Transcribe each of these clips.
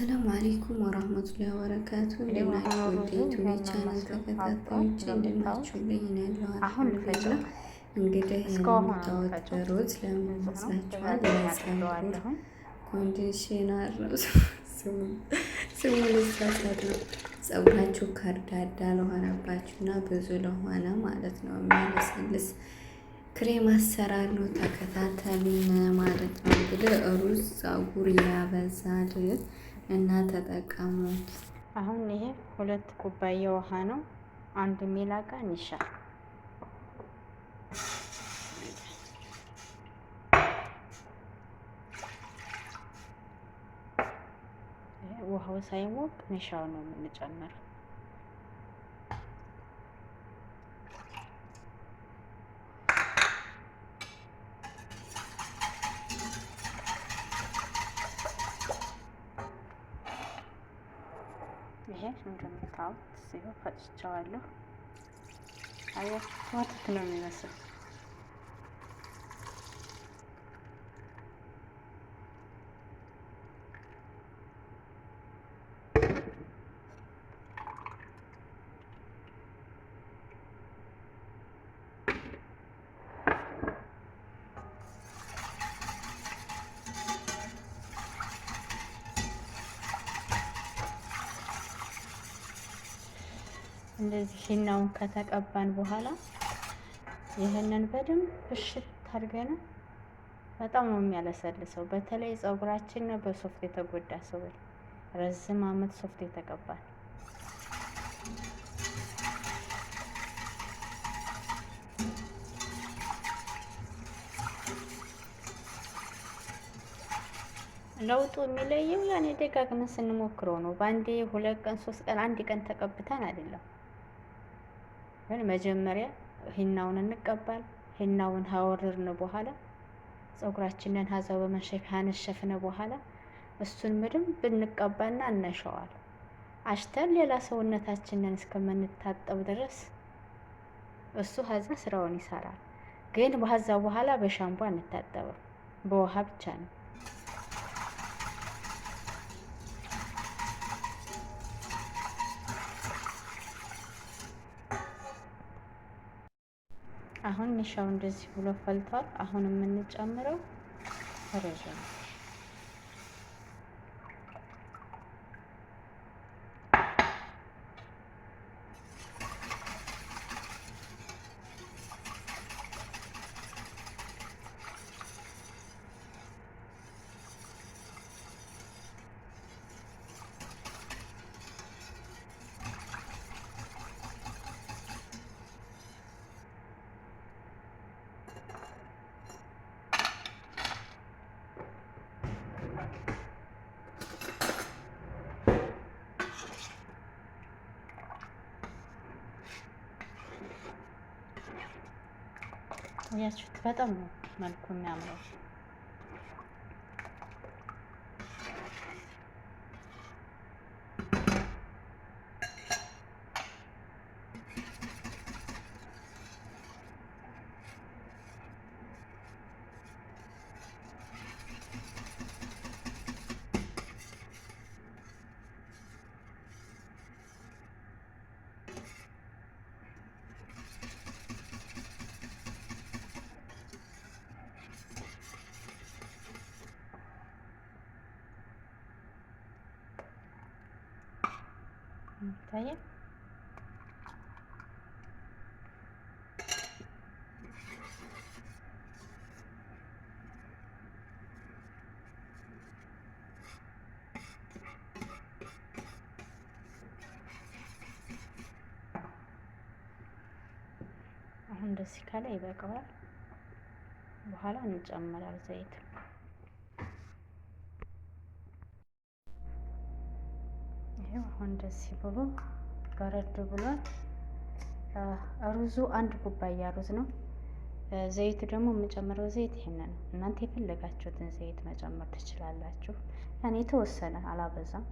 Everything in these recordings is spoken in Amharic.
አሰላሙ አሌይኩም ወራህመቱላሂ ወበረካቱ እንደምናችሁ ውድ የዩቲዩብ ቻናል ተከታታዮች እንደምናችሁልኝ ያለው አልሐምዱሊላህ። እንግዲህ የምታወት ሩዝ ለምን ይመስላችኋል? የፀጉር ኮንዲሽነር ነው ስሙ። ልሳሳት ነው። ፀጉራችሁ ከርዳዳ ለሆነባችሁ እና ብዙ ለሆነ ማለት ነው የሚያለሰልስ ክሬም አሰራር ነው። ተከታተሉን ማለት ነው። እንግዲህ ሩዝ ፀጉር ያበዛል። እና ተጠቀሙት። አሁን ይሄ ሁለት ኩባያ ውሃ ነው። አንዱ ሚላቃ ኒሻ ውሃው ሳይሞቅ ኒሻው ነው የምንጨምረው። ይሄ እንደምታውቁት ሲሆን ፈጭቼዋለሁ። አያችሁ ወተት ነው የሚመስል እንደዚህ ሂናውን ከተቀባን በኋላ ይህንን በደንብ ብሽት አድርገን በጣም ነው የሚያለሰልሰው። በተለይ ጸጉራችን በሶፍት የተጎዳ ሰው ረዝም አመት ሶፍት የተቀባል ለውጡ የሚለየው ያኔ ደጋግመን ስንሞክረው ነው። በአንዴ ሁለት ቀን ሶስት ቀን አንድ ቀን ተቀብተን አይደለም። ግን መጀመሪያ ሂናውን እንቀባል። ሂናውን ሀወርርን በኋላ ጸጉራችንን ሀዛ ሀነሸፍነ በኋላ እሱን ምድም ብንቀባና እነሸዋል አሽተን ሌላ ሰውነታችንን እስከምንታጠብ ድረስ እሱ ሀዛ ስራውን ይሰራል። ግን በሀዛ በኋላ በሻምቧ እንታጠብም፣ በውሃ ብቻ ነው። አሁን ኒሻው እንደዚህ ብሎ ፈልቷል። አሁን የምንጨምረው ሩዝ ነው። ያችሁት በጣም ነው መልኩ የሚያምረው። ይታያል። አሁን እንደዚህ ካለ ይበቃዋል። በኋላ እንጨምራል ዘይት ይሄው አሁን ደስ ብሎ በረድ ብሏል። ሩዙ አንድ ኩባያ ሩዝ ነው። ዘይቱ ደግሞ የምጨምረው ዘይት ይሄንን እናንተ የፈለጋችሁትን ዘይት መጨመር ትችላላችሁ። እኔ የተወሰነ አላበዛም።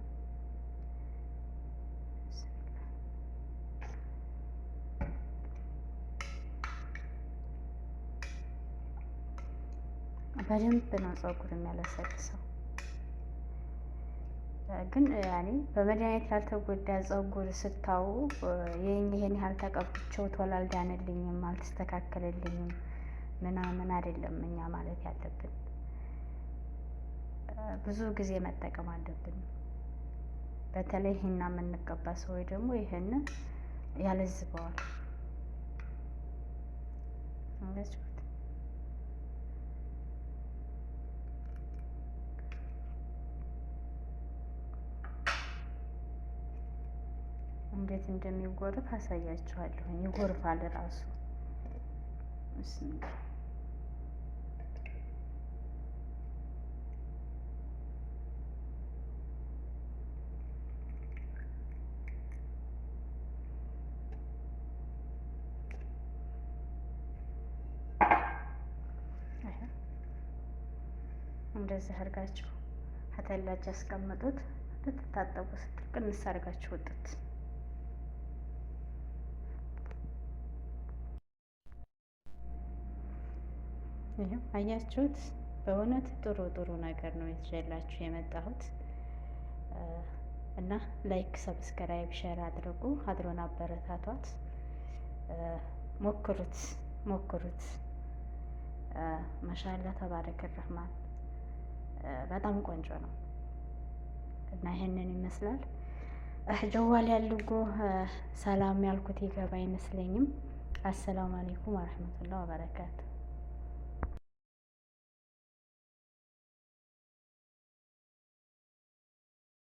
በደንብ ነው ፀጉር የሚያለሰልሰው። ግን ያኔ በመድኃኒት ላልተጎዳ ጸጉር ስታው ይህን ያህል ተቀብቸው ቶሎ አልዳነልኝም፣ አልተስተካከለልኝም ምናምን አይደለም እኛ ማለት ያለብን። ብዙ ጊዜ መጠቀም አለብን። በተለይ ሂና የምንቀባ ሰዎች ደግሞ ይህን ያለዝበዋል። እንዴት እንደሚጎርፍ አሳያችኋለሁ። ይጎርፋል ራሱ እንደዚህ አድርጋችሁ አተላጅ ያስቀምጡት። ልትታጠቡ ስትል ቅንስ አድርጋችሁ ወጡት። ይኸው አያችሁት። በእውነት ጥሩ ጥሩ ነገር ነው ይዤላችሁ የመጣሁት እና ላይክ፣ ሰብስክራይብ፣ ሼር አድርጉ። አድሮን አበረታቷት፣ ሞክሩት ሞክሩት። ማሻላ ተባረከ ረህማን በጣም ቆንጆ ነው እና ይሄንን ይመስላል። ጀዋል ያልጎ ሰላም ያልኩት ይገባ አይመስለኝም። አሰላሙ አለይኩም ወረህመቱላህ ወበረካቱ